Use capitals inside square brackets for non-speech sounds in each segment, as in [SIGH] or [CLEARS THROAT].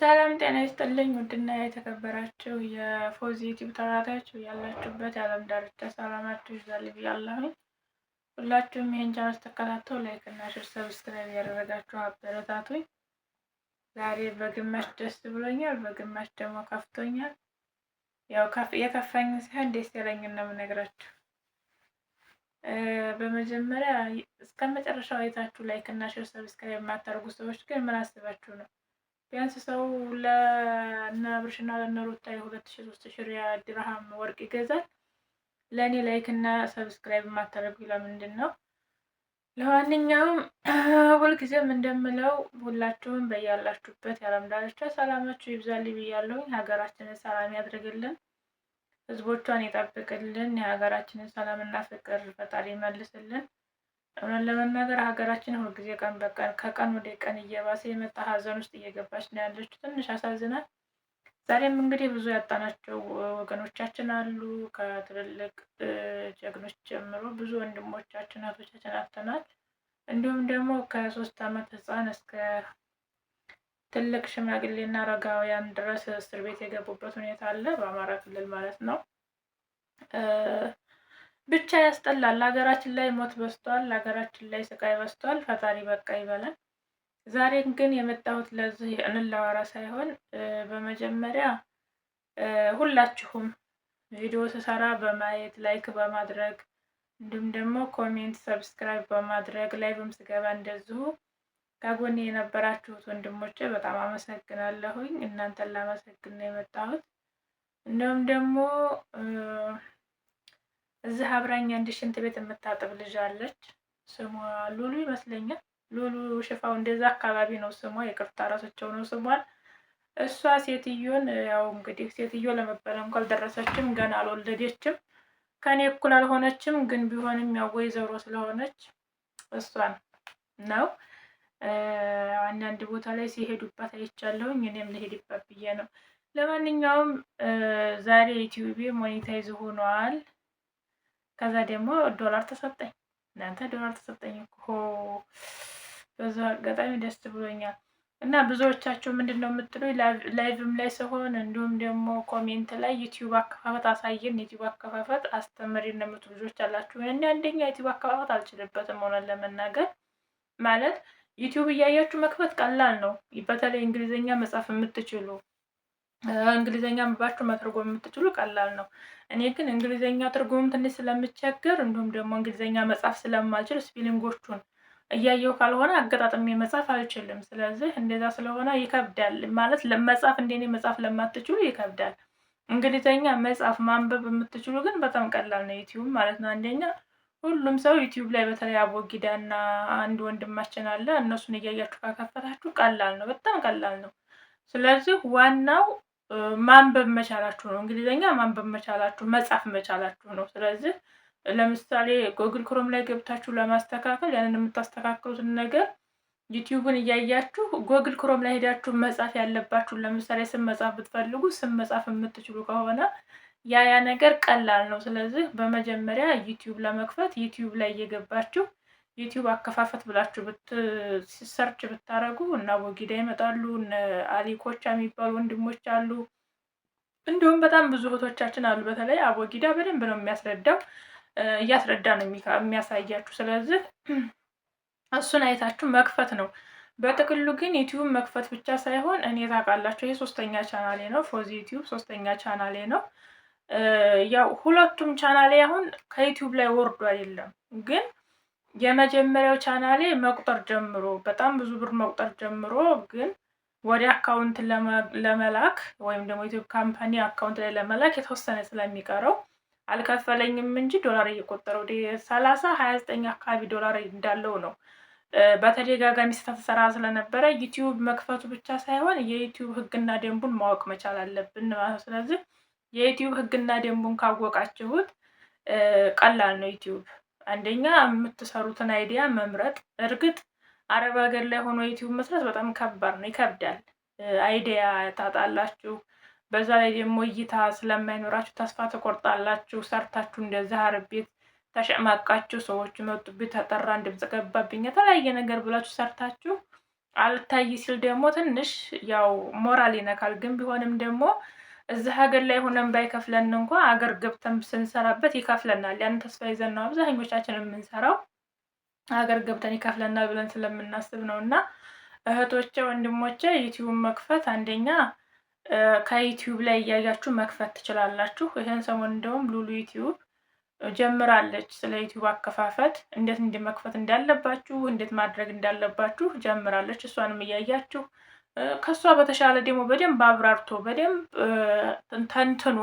ሰላም ጤና ይስጥልኝ። ውድና የተከበራችሁ የፎዚ ዩቲዩብ ተከታታዮች ያላችሁበት የዓለም ዳርቻ ሰላማችሁ ይዛል ብያለሁኝ። ሁላችሁም ይህን ቻናል ተከታተው ላይክ እና ሼር፣ ሰብስክራይብ ያደረጋችሁ አበረታቱኝ። ዛሬ በግማሽ ደስ ብሎኛል፣ በግማሽ ደግሞ ከፍቶኛል። ያው የከፋኝ ሲሆን ደስ ያለኝ ነው በመጀመሪያ እስከ መጨረሻው አይታችሁ ላይክ እና ሼር፣ ሰብስክራይብ የማታደርጉ ሰዎች ግን ምን አስባችሁ ነው? ቢያንስ ሰው ለእነ ብርሽና ለእነ የሁለት ሺ ሶስት ሺ ሪያል ድርሃም ወርቅ ይገዛል። ለእኔ ላይክ እና ሰብስክራይብ ማታደርጉ ለምንድን ነው? ለማንኛውም [CLEARS THROAT] ሁልጊዜም እንደምለው ሁላችሁም በያላችሁበት የዓለም ዳርቻ ሰላማችሁ ይብዛል ብያለሁኝ። ሀገራችንን ሰላም ያድርግልን፣ ህዝቦቿን ይጠብቅልን፣ የሀገራችንን ሰላምና ፍቅር ፈጣሪ ይመልስልን። እውነት ለመናገር ሀገራችን ሁልጊዜ ቀን በቀን ከቀን ወደ ቀን እየባሰ የመጣ ሀዘን ውስጥ እየገባች ነው ያለችው። ትንሽ አሳዝናል። ዛሬም እንግዲህ ብዙ ያጣናቸው ወገኖቻችን አሉ። ከትልልቅ ጀግኖች ጀምሮ ብዙ ወንድሞቻችን እህቶቻችን አጥተናል። እንዲሁም ደግሞ ከሶስት ዓመት ህፃን እስከ ትልቅ ሽማግሌና አረጋውያን ድረስ እስር ቤት የገቡበት ሁኔታ አለ፣ በአማራ ክልል ማለት ነው። ብቻ ያስጠላል። ሀገራችን ላይ ሞት በስቷል ሀገራችን ላይ ስቃይ በስቷል ፈጣሪ በቃ ይበላል። ዛሬ ግን የመጣሁት ለዚህ እንላወራ ሳይሆን በመጀመሪያ ሁላችሁም ቪዲዮ ስሰራ በማየት ላይክ በማድረግ እንዲሁም ደግሞ ኮሜንት፣ ሰብስክራይብ በማድረግ ላይቭም ስገባ እንደዚሁ ከጎኔ የነበራችሁት ወንድሞች በጣም አመሰግናለሁኝ። እናንተን ላመሰግን ነው የመጣሁት። እንዲሁም ደግሞ እዚህ አብራኝ አንድ ሽንት ቤት የምታጥብ ልጅ አለች። ስሟ ሉሉ ይመስለኛል። ሉሉ ሽፋው እንደዛ አካባቢ ነው ስሟ። የቅርታ ራሳቸው ነው ስሟል። እሷ ሴትዮን ያው እንግዲህ ሴትዮ ለመባል እንኳ አልደረሰችም፣ ገና አልወለደችም፣ ከኔ እኩል አልሆነችም። ግን ቢሆንም ያው ወይዘሮ ስለሆነች እሷን ነው አንዳንድ ቦታ ላይ ሲሄዱባት አይቻለሁኝ። እኔም ልሄድባት ብዬ ነው። ለማንኛውም ዛሬ ዩቲዩብ ሞኔታይዝ ሆኗል። ከዛ ደግሞ ዶላር ተሰጠኝ። እናንተ ዶላር ተሰጠኝ እኮ በዛ አጋጣሚ ደስ ብሎኛል። እና ብዙዎቻችሁ ምንድን ነው የምትሉ ላይቭም ላይ ሲሆን እንዲሁም ደግሞ ኮሜንት ላይ ዩቲዩብ አከፋፈት አሳየን፣ ዩቲዩብ አከፋፈት አስተምሪ የምትሉ ልጆች አላችሁ። እኔ አንደኛ ዩቲዩብ አከፋፈት አልችልበትም ሆነን ለመናገር ማለት ዩቲዩብ እያያችሁ መክፈት ቀላል ነው። በተለይ እንግሊዝኛ መጻፍ የምትችሉ እንግሊዘኛ ምባችሁ መተርጎም የምትችሉ ቀላል ነው። እኔ ግን እንግሊዘኛ ትርጉም ትንሽ ስለምቸገር እንዲሁም ደግሞ እንግሊዘኛ መጻፍ ስለማልችል ስፒሊንጎቹን እያየው ካልሆነ አገጣጥሜ መጻፍ አልችልም። ስለዚህ እንደዛ ስለሆነ ይከብዳል ማለት መጻፍ እንደኔ መጻፍ ለማትችሉ ይከብዳል። እንግሊዘኛ መጻፍ ማንበብ የምትችሉ ግን በጣም ቀላል ነው። ዩቲዩብ ማለት ነው። አንደኛ ሁሉም ሰው ዩቲዩብ ላይ በተለይ አቦጊዳና አንድ ወንድማችን አለ። እነሱን እያያችሁ ካከፈታችሁ ቀላል ነው፣ በጣም ቀላል ነው። ስለዚህ ዋናው ማንበብ መቻላችሁ ነው። እንግሊዝኛ ማንበብ መቻላችሁ፣ መጻፍ መቻላችሁ ነው። ስለዚህ ለምሳሌ ጎግል ክሮም ላይ ገብታችሁ ለማስተካከል ያንን የምታስተካክሉትን ነገር ዩቲዩብን እያያችሁ ጎግል ክሮም ላይ ሄዳችሁ መጻፍ ያለባችሁን ለምሳሌ ስም መጻፍ ብትፈልጉ ስም መጻፍ የምትችሉ ከሆነ ያ ያ ነገር ቀላል ነው። ስለዚህ በመጀመሪያ ዩቲዩብ ለመክፈት ዩቲዩብ ላይ እየገባችሁ ዩቲዩብ አከፋፈት ብላችሁ ሲሰርች ብታደረጉ እነ ቦጊዳ ይመጣሉ። እነ አሊኮቻ የሚባሉ ወንድሞች አሉ። እንዲሁም በጣም ብዙ እህቶቻችን አሉ። በተለይ አቦጊዳ በደንብ ነው የሚያስረዳው፣ እያስረዳ ነው የሚያሳያችሁ። ስለዚህ እሱን አይታችሁ መክፈት ነው። በጥቅሉ ግን ዩቲዩብ መክፈት ብቻ ሳይሆን እኔ ታውቃላችሁ፣ ይሄ ሶስተኛ ቻናሌ ነው። ፎዚ ዩቲዩብ ሶስተኛ ቻናሌ ነው። ያው ሁለቱም ቻናሌ አሁን ከዩቲዩብ ላይ ወርዶ አይደለም ግን የመጀመሪያው ቻናሌ መቁጠር ጀምሮ በጣም ብዙ ብር መቁጠር ጀምሮ ግን ወደ አካውንት ለመላክ ወይም ደግሞ ዩቲዩብ ካምፓኒ አካውንት ላይ ለመላክ የተወሰነ ስለሚቀረው አልከፈለኝም እንጂ ዶላር እየቆጠረ ወደ ሰላሳ ሀያ ዘጠኝ አካባቢ ዶላር እንዳለው ነው በተደጋጋሚ ስተሰራ ስለነበረ ዩቲዩብ መክፈቱ ብቻ ሳይሆን የዩቲዩብ ሕግና ደንቡን ማወቅ መቻል አለብን ማለት። ስለዚህ የዩቲዩብ ሕግና ደንቡን ካወቃችሁት ቀላል ነው ዩቲዩብ አንደኛ የምትሰሩትን አይዲያ መምረጥ። እርግጥ አረብ ሀገር ላይ ሆኖ ዩቲዩብ መስራት በጣም ከባድ ነው፣ ይከብዳል። አይዲያ ታጣላችሁ። በዛ ላይ ደግሞ እይታ ስለማይኖራችሁ ተስፋ ትቆርጣላችሁ። ሰርታችሁ እንደዚህ አረብ ቤት ተሸማቃችሁ ሰዎች መጡብኝ፣ ተጠራን፣ ድምፅ ገባብኝ፣ የተለያየ ነገር ብላችሁ ሰርታችሁ አልታይ ሲል ደግሞ ትንሽ ያው ሞራል ይነካል። ግን ቢሆንም ደግሞ እዚህ ሀገር ላይ ሆነን ባይከፍለን እንኳ አገር ገብተን ስንሰራበት ይከፍለናል። ያን ተስፋ ይዘን ነው አብዛኞቻችን የምንሰራው። ሀገር ገብተን ይከፍለናል ብለን ስለምናስብ ነው። እና እህቶቼ፣ ወንድሞቼ ዩቲዩብ መክፈት አንደኛ ከዩቲዩብ ላይ እያያችሁ መክፈት ትችላላችሁ። ይህን ሰሞን እንደውም ሉሉ ዩቲዩብ ጀምራለች ስለ ዩቲዩብ አከፋፈት እንዴት እንዲመክፈት እንዳለባችሁ እንዴት ማድረግ እንዳለባችሁ ጀምራለች። እሷንም እያያችሁ ከእሷ በተሻለ ደግሞ በደንብ አብራርቶ በደንብ ተንትኖ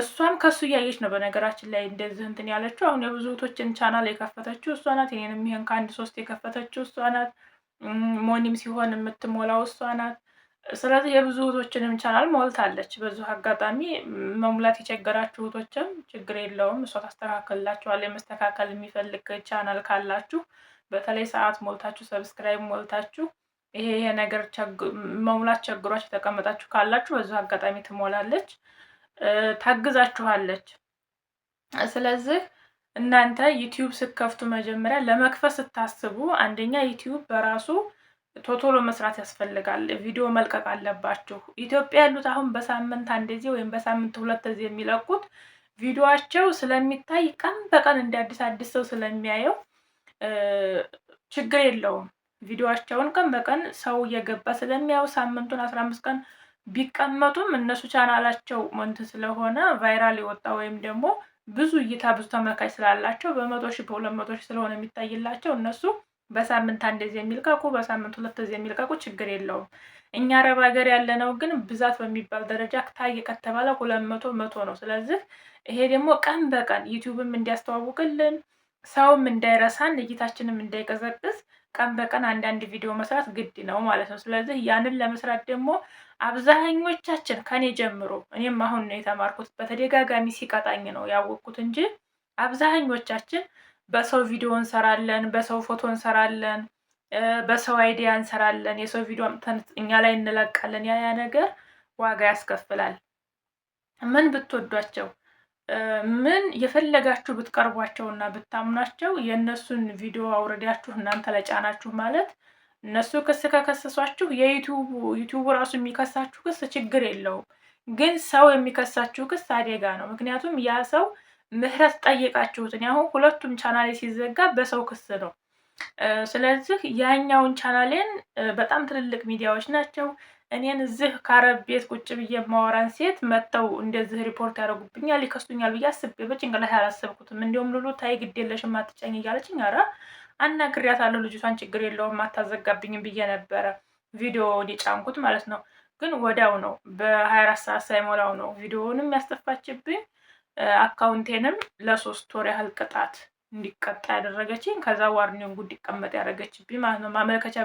እሷም ከሱ እያየች ነው። በነገራችን ላይ እንደዚህ እንትን ያለችው አሁን የብዙ እህቶችን ቻናል የከፈተችው እሷ ናት። ይሄንም ይሄን ከአንድ ሶስት የከፈተችው እሷ ናት። ሞኒም ሲሆን የምትሞላው እሷ ናት። ስለዚህ የብዙ እህቶችንም ቻናል ሞልታለች። በዚሁ አጋጣሚ መሙላት የቸገራችሁ እህቶችም ችግር የለውም እሷ ታስተካከልላችኋል። የመስተካከል የሚፈልግ ቻናል ካላችሁ በተለይ ሰዓት ሞልታችሁ ሰብስክራይብ ሞልታችሁ ይሄ ይሄ ነገር መሙላት ቸግሯችሁ የተቀመጣችሁ ካላችሁ በዙ አጋጣሚ ትሞላለች፣ ታግዛችኋለች። ስለዚህ እናንተ ዩቲዩብ ስትከፍቱ መጀመሪያ ለመክፈት ስታስቡ አንደኛ ዩቲዩብ በራሱ ቶቶሎ መስራት ያስፈልጋል። ቪዲዮ መልቀቅ አለባችሁ። ኢትዮጵያ ያሉት አሁን በሳምንት አንድ ጊዜ ወይም በሳምንት ሁለት ጊዜ የሚለቁት ቪዲዮቸው ስለሚታይ ቀን በቀን እንደ አዲስ አዲስ ሰው ስለሚያየው ችግር የለውም። ቪዲዮቸውን ቀን በቀን ሰው እየገባ ስለሚያው ሳምንቱን አስራ አምስት ቀን ቢቀመጡም እነሱ ቻናላቸው መንት ስለሆነ ቫይራል የወጣ ወይም ደግሞ ብዙ እይታ ብዙ ተመልካች ስላላቸው በመቶ ሺህ በሁለት መቶ ሺህ ስለሆነ የሚታይላቸው እነሱ በሳምንት አንድ ጊዜ የሚልቀቁ በሳምንት ሁለት ጊዜ የሚልቀቁ ችግር የለውም። እኛ አረብ ሀገር ያለነው ግን ብዛት በሚባል ደረጃ ታየ ከተባለ ሁለት መቶ መቶ ነው። ስለዚህ ይሄ ደግሞ ቀን በቀን ዩቲዩብም እንዲያስተዋውቅልን ሰውም እንዳይረሳን እይታችንም እንዳይቀዘቅዝ ቀን በቀን አንዳንድ ቪዲዮ መስራት ግድ ነው ማለት ነው። ስለዚህ ያንን ለመስራት ደግሞ አብዛኞቻችን ከኔ ጀምሮ እኔም አሁን ነው የተማርኩት፣ በተደጋጋሚ ሲቀጣኝ ነው ያወቅኩት እንጂ አብዛኞቻችን በሰው ቪዲዮ እንሰራለን፣ በሰው ፎቶ እንሰራለን፣ በሰው አይዲያ እንሰራለን፣ የሰው ቪዲዮ እኛ ላይ እንለቃለን። ያ ያ ነገር ዋጋ ያስከፍላል። ምን ብትወዷቸው ምን የፈለጋችሁ እና ብታምኗቸው የእነሱን ቪዲዮ አውረዳችሁ እናንተ ለጫናችሁ ማለት እነሱ ክስ ከከሰሷችሁ የዩቱቡ ራሱ የሚከሳችሁ ክስ ችግር የለውም። ግን ሰው የሚከሳችሁ ክስ አደጋ ነው። ምክንያቱም ያ ሰው ምህረት ጠይቃችሁትን አሁን ሁለቱም ቻናሌ ሲዘጋ በሰው ክስ ነው። ስለዚህ ያኛውን ቻናሌን በጣም ትልልቅ ሚዲያዎች ናቸው እኔን እዚህ ከአረብ ቤት ቁጭ ብዬ የማወራን ሴት መጥተው እንደዚህ ሪፖርት ያደረጉብኛል ይከሱኛል ብዬ አስቤ በጭንቅላት አላሰብኩትም። እንዲሁም ሉሉ ታይ ግድ የለሽም አትጨኝ እያለችኝ ኧረ አናግሬያታለሁ፣ ልጅቷን ችግር የለውም አታዘጋብኝም ብዬ ነበረ ቪዲዮ የጫንኩት ማለት ነው። ግን ወዳው ነው በሀያ አራት ሰዓት ሳይሞላው ነው ቪዲዮውንም ያስጠፋችብኝ፣ አካውንቴንም ለሶስት ወር ያህል ቅጣት እንዲቀጣ ያደረገችኝ፣ ከዛ ዋርኒንጉ እንዲቀመጥ ያደረገችብኝ ማለት ነው። ማመልከቻ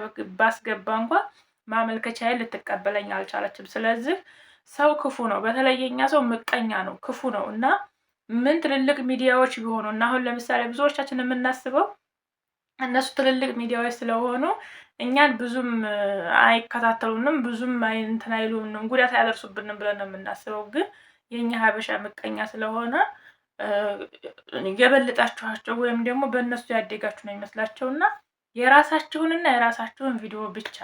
ባስገባ እንኳን ማመልከቻዬን ልትቀበለኝ አልቻለችም። ስለዚህ ሰው ክፉ ነው፣ በተለየኛ ሰው ምቀኛ ነው፣ ክፉ ነው እና ምን ትልልቅ ሚዲያዎች ቢሆኑ እና አሁን ለምሳሌ ብዙዎቻችን የምናስበው እነሱ ትልልቅ ሚዲያዎች ስለሆኑ እኛን ብዙም አይከታተሉንም፣ ብዙም እንትን አይሉንም፣ ጉዳት አያደርሱብንም ብለን ነው የምናስበው። ግን የእኛ ሀበሻ ምቀኛ ስለሆነ የበለጣችኋቸው ወይም ደግሞ በእነሱ ያደጋችሁ ነው ይመስላቸውና የራሳችሁንና የራሳችሁን ቪዲዮ ብቻ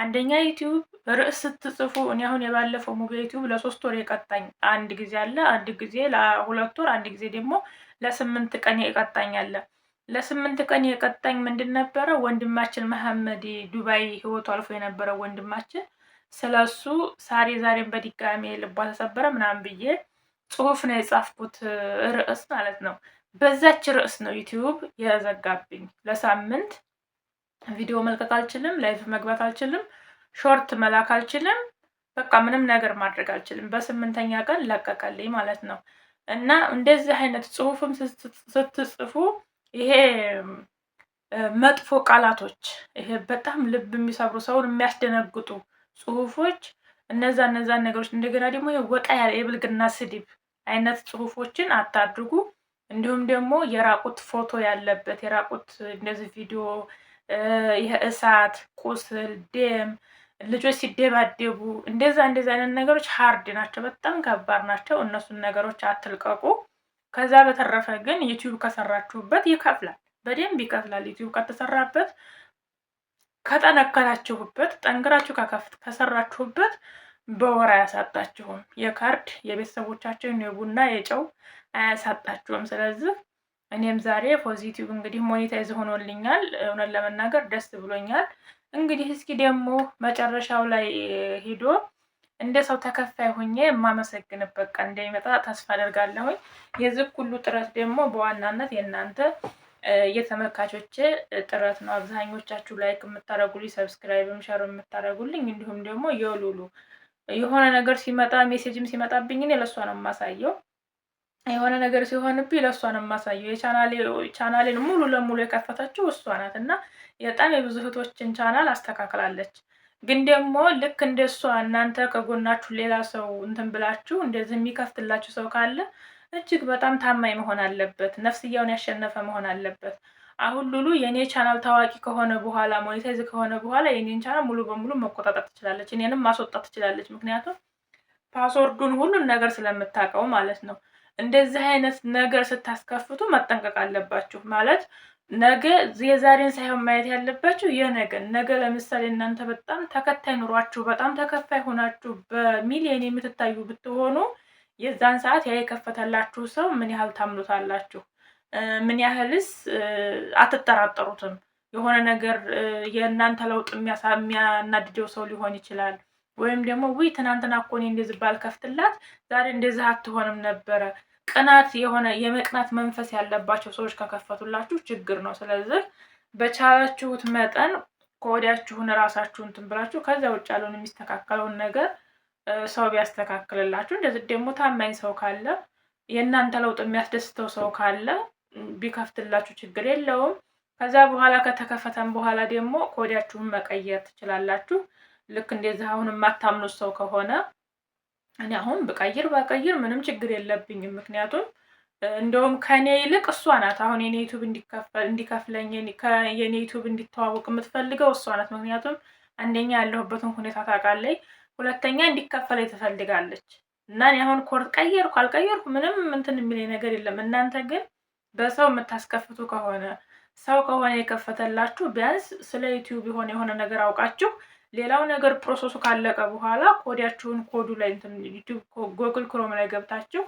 አንደኛ ዩቲዩብ ርዕስ ስትጽፉ እኔ አሁን የባለፈው ሙቪ ዩቲዩብ ለሶስት ወር የቀጣኝ አንድ ጊዜ አለ። አንድ ጊዜ ለሁለት ወር፣ አንድ ጊዜ ደግሞ ለስምንት ቀን የቀጣኝ አለ። ለስምንት ቀን የቀጣኝ ምንድን ነበረ? ወንድማችን መሐመድ ዱባይ ህይወቱ አልፎ የነበረ ወንድማችን ስለ እሱ ሳሪ ዛሬን በድጋሜ ልቧ ተሰበረ ምናምን ብዬ ጽሁፍ ነው የጻፍኩት፣ ርዕስ ማለት ነው። በዛች ርዕስ ነው ዩቲዩብ የዘጋብኝ ለሳምንት ቪዲዮ መልቀቅ አልችልም፣ ላይፍ መግባት አልችልም፣ ሾርት መላክ አልችልም። በቃ ምንም ነገር ማድረግ አልችልም። በስምንተኛ ቀን ለቀቀልኝ ማለት ነው። እና እንደዚህ አይነት ጽሁፍም ስትጽፉ ይሄ መጥፎ ቃላቶች ይሄ በጣም ልብ የሚሰብሩ ሰውን የሚያስደነግጡ ጽሁፎች እነዛ እነዛን ነገሮች እንደገና ደግሞ ወጣ ያለ የብልግና ስድብ አይነት ጽሁፎችን አታድርጉ። እንዲሁም ደግሞ የራቁት ፎቶ ያለበት የራቁት እንደዚህ ቪዲዮ የእሳት ቁስል፣ ደም፣ ልጆች ሲደባደቡ እንደዛ እንደዚ አይነት ነገሮች ሀርድ ናቸው፣ በጣም ከባድ ናቸው። እነሱን ነገሮች አትልቀቁ። ከዛ በተረፈ ግን ዩቲዩብ ከሰራችሁበት ይከፍላል፣ በደንብ ይከፍላል። ዩቲዩብ ከተሰራበት ከጠነከራችሁበት፣ ጠንክራችሁ ከከፍት ከሰራችሁበት በወር አያሳጣችሁም። የካርድ የቤተሰቦቻችሁን የቡና የጨው አያሳጣችሁም። ስለዚህ እኔም ዛሬ ፖዚቲቭ እንግዲህ ሞኔታይዝ ሆኖልኛል። እውነት ለመናገር ደስ ብሎኛል። እንግዲህ እስኪ ደግሞ መጨረሻው ላይ ሄዶ እንደ ሰው ተከፋይ ሆኜ የማመሰግንበት ቀን እንደሚመጣ ተስፋ አደርጋለሁኝ። የዚህ ሁሉ ጥረት ደግሞ በዋናነት የእናንተ የተመልካቾች ጥረት ነው። አብዛኞቻችሁ ላይክ የምታደረጉልኝ፣ ሰብስክራይብ ሸር የምታደረጉልኝ እንዲሁም ደግሞ የሉሉ የሆነ ነገር ሲመጣ ሜሴጅም ሲመጣብኝ እኔ ለእሷ ነው የማሳየው የሆነ ነገር ሲሆንብኝ ለእሷ ነው የማሳየው። ቻናሌን ሙሉ ለሙሉ የከፈተችው እሷ ናት እና በጣም የብዙ እህቶችን ቻናል አስተካክላለች። ግን ደግሞ ልክ እንደ እሷ እናንተ ከጎናችሁ ሌላ ሰው እንትን ብላችሁ እንደዚህ የሚከፍትላችሁ ሰው ካለ እጅግ በጣም ታማኝ መሆን አለበት። ነፍስያውን ያሸነፈ መሆን አለበት። አሁን ሉሉ የእኔ ቻናል ታዋቂ ከሆነ በኋላ ሞኔታይዝ ከሆነ በኋላ የኔን ቻናል ሙሉ በሙሉ መቆጣጠር ትችላለች፣ እኔንም ማስወጣት ትችላለች። ምክንያቱም ፓስወርዱን ሁሉን ነገር ስለምታውቀው ማለት ነው። እንደዚህ አይነት ነገር ስታስከፍቱ መጠንቀቅ አለባችሁ። ማለት ነገ የዛሬን ሳይሆን ማየት ያለባችሁ የነገን። ነገ ለምሳሌ እናንተ በጣም ተከታይ ኑሯችሁ በጣም ተከፋይ ሆናችሁ በሚሊዮን የምትታዩ ብትሆኑ የዛን ሰዓት ያ የከፈተላችሁ ሰው ምን ያህል ታምኑታላችሁ? ምን ያህልስ አትጠራጠሩትም? የሆነ ነገር የእናንተ ለውጥ የሚያናድደው ሰው ሊሆን ይችላል። ወይም ደግሞ ውይ ትናንትና እኮ እኔ እንደዚህ ባልከፍትላት ዛሬ እንደዚህ አትሆንም ነበረ። ቅናት የሆነ የመቅናት መንፈስ ያለባቸው ሰዎች ከከፈቱላችሁ ችግር ነው። ስለዚህ በቻላችሁት መጠን ከወዲያችሁን ራሳችሁን እንትን ብላችሁ ከዚያ ውጭ ያለውን የሚስተካከለውን ነገር ሰው ቢያስተካክልላችሁ፣ እንደዚህ ደግሞ ታማኝ ሰው ካለ የእናንተ ለውጥ የሚያስደስተው ሰው ካለ ቢከፍትላችሁ ችግር የለውም። ከዛ በኋላ ከተከፈተን በኋላ ደግሞ ከወዲያችሁን መቀየር ትችላላችሁ። ልክ እንደዚህ አሁን የማታምኑት ሰው ከሆነ እኔ አሁን ብቀይር ባቀይር ምንም ችግር የለብኝም። ምክንያቱም እንደውም ከእኔ ይልቅ እሷ ናት አሁን የኔ ዩቱብ እንዲከፍለኝ የኔ ዩቱብ እንዲተዋወቅ የምትፈልገው እሷ ናት። ምክንያቱም አንደኛ ያለሁበትን ሁኔታ ታውቃለች፣ ሁለተኛ እንዲከፈለኝ ትፈልጋለች። እና እኔ አሁን ኮርት ቀየርኩ አልቀየርኩ ምንም እንትን የሚል ነገር የለም። እናንተ ግን በሰው የምታስከፍቱ ከሆነ ሰው ከሆነ የከፈተላችሁ ቢያንስ ስለ ዩቲዩብ የሆነ የሆነ ነገር አውቃችሁ ሌላው ነገር ፕሮሰሱ ካለቀ በኋላ ኮዳችሁን ኮዱ ላይ ጎግል ክሮም ላይ ገብታችሁ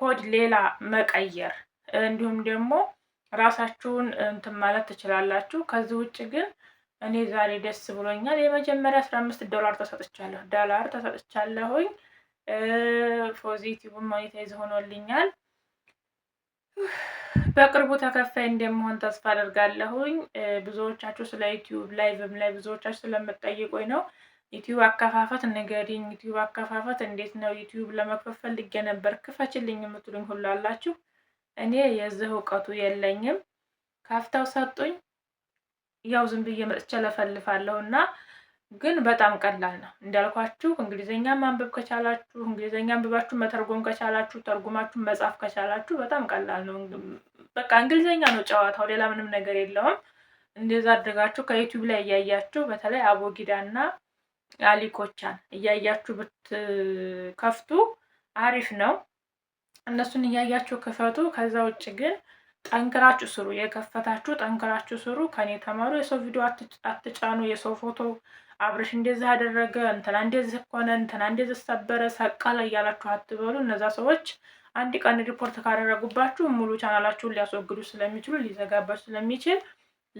ኮድ ሌላ መቀየር እንዲሁም ደግሞ ራሳችሁን እንትን ማለት ትችላላችሁ። ከዚህ ውጭ ግን እኔ ዛሬ ደስ ብሎኛል። የመጀመሪያ አስራ አምስት ዶላር ተሰጥቻለሁ ዳላር ተሰጥቻለሁኝ። ፖዚቲቭ ሞኔታይዝ ሆኖልኛል። በቅርቡ ተከፋይ እንደመሆን ተስፋ አደርጋለሁኝ። ብዙዎቻችሁ ስለ ዩቲዩብ ላይቭም ላይ ብዙዎቻችሁ ስለምጠይቁኝ ነው። ዩቲዩብ አከፋፈት ንገሪኝ፣ ዩቲዩብ አከፋፈት እንዴት ነው? ዩቲዩብ ለመክፈት ፈልጌ ነበር ክፈችልኝ የምትሉኝ ሁሉ አላችሁ። እኔ የዚህ እውቀቱ የለኝም። ከፍተው ሰጡኝ፣ ያው ዝም ብዬ መጥቼ ለፈልፋለሁ እና ግን በጣም ቀላል ነው። እንዳልኳችሁ እንግሊዝኛ ማንበብ ከቻላችሁ፣ እንግሊዝኛ አንብባችሁ መተርጎም ከቻላችሁ፣ ተርጉማችሁ መጻፍ ከቻላችሁ በጣም ቀላል ነው። በቃ እንግሊዝኛ ነው ጨዋታው፣ ሌላ ምንም ነገር የለውም። እንደዛ አድርጋችሁ ከዩቲዩብ ላይ እያያችሁ በተለይ አቦጊዳ እና አሊኮቻን እያያችሁ ብትከፍቱ አሪፍ ነው። እነሱን እያያችሁ ክፈቱ። ከዛ ውጭ ግን ጠንክራችሁ ስሩ። የከፈታችሁ ጠንክራችሁ ስሩ። ከኔ ተማሩ። የሰው ቪዲዮ አትጫኑ። የሰው ፎቶ አብርሽ እንደዚህ አደረገ፣ እንትና እንደዚህ ሆነ፣ እንትና እንደዚህ ሰበረ፣ ሰቀለ እያላችሁ አትበሉ። እነዛ ሰዎች አንድ ቀን ሪፖርት ካደረጉባችሁ ሙሉ ቻናላችሁን ሊያስወግዱ ስለሚችሉ ሊዘጋባችሁ ስለሚችል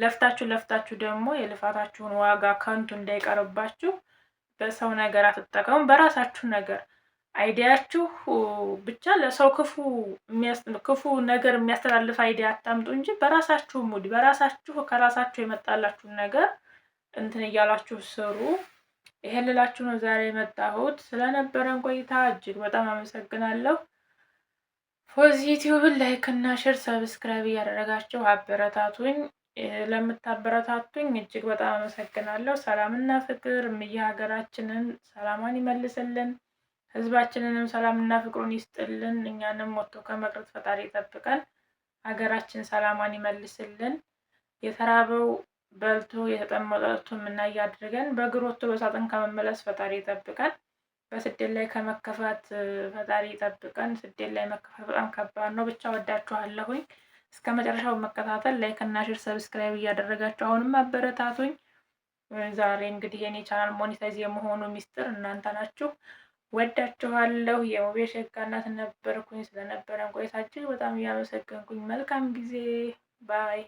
ለፍታችሁ ለፍታችሁ ደግሞ የልፋታችሁን ዋጋ ከንቱ እንዳይቀርባችሁ በሰው ነገር አትጠቀሙ። በራሳችሁ ነገር አይዲያችሁ ብቻ ለሰው ክፉ ክፉ ነገር የሚያስተላልፍ አይዲያ አታምጡ እንጂ በራሳችሁ ሙድ በራሳችሁ ከራሳችሁ የመጣላችሁን ነገር እንትን እያላችሁ ስሩ። ይሄን ልላችሁ ነው ዛሬ የመጣሁት። ስለነበረን ቆይታ እጅግ በጣም አመሰግናለሁ። ፎዚ ዩቲዩብን ላይክ እና ሼር ሰብስክራይብ እያደረጋችሁ አበረታቱኝ። ለምታበረታቱኝ እጅግ በጣም አመሰግናለሁ። ሰላምና ፍቅር እምዬ ሀገራችንን ሰላሟን ይመልስልን፣ ህዝባችንንም ሰላምና ፍቅሩን ይስጥልን፣ እኛንም ሞቶ ከመቅረት ፈጣሪ ይጠብቀን። ሀገራችን ሰላሟን ይመልስልን። የተራበው በልቶ የተጠመጠቱን ምናይ አድርገን በግሮቶ በሳጥን ከመመለስ ፈጣሪ ይጠብቀን። በስደት ላይ ከመከፋት ፈጣሪ ይጠብቀን። ስደት ላይ መከፋት በጣም ከባድ ነው። ብቻ ወዳችኋለሁኝ። እስከ መጨረሻው መከታተል ላይክ እና ሽር ሰብስክራይብ እያደረጋችሁ አሁንም አበረታቱኝ። ዛሬ እንግዲህ የኔ ቻናል ሞኔታይዝ የመሆኑ ሚስጥር እናንተ ናችሁ። ወዳችኋለሁ። የውቤ ሸጋ እናት ነበርኩኝ። ስለነበረን ቆይታችን በጣም እያመሰገንኩኝ መልካም ጊዜ ባይ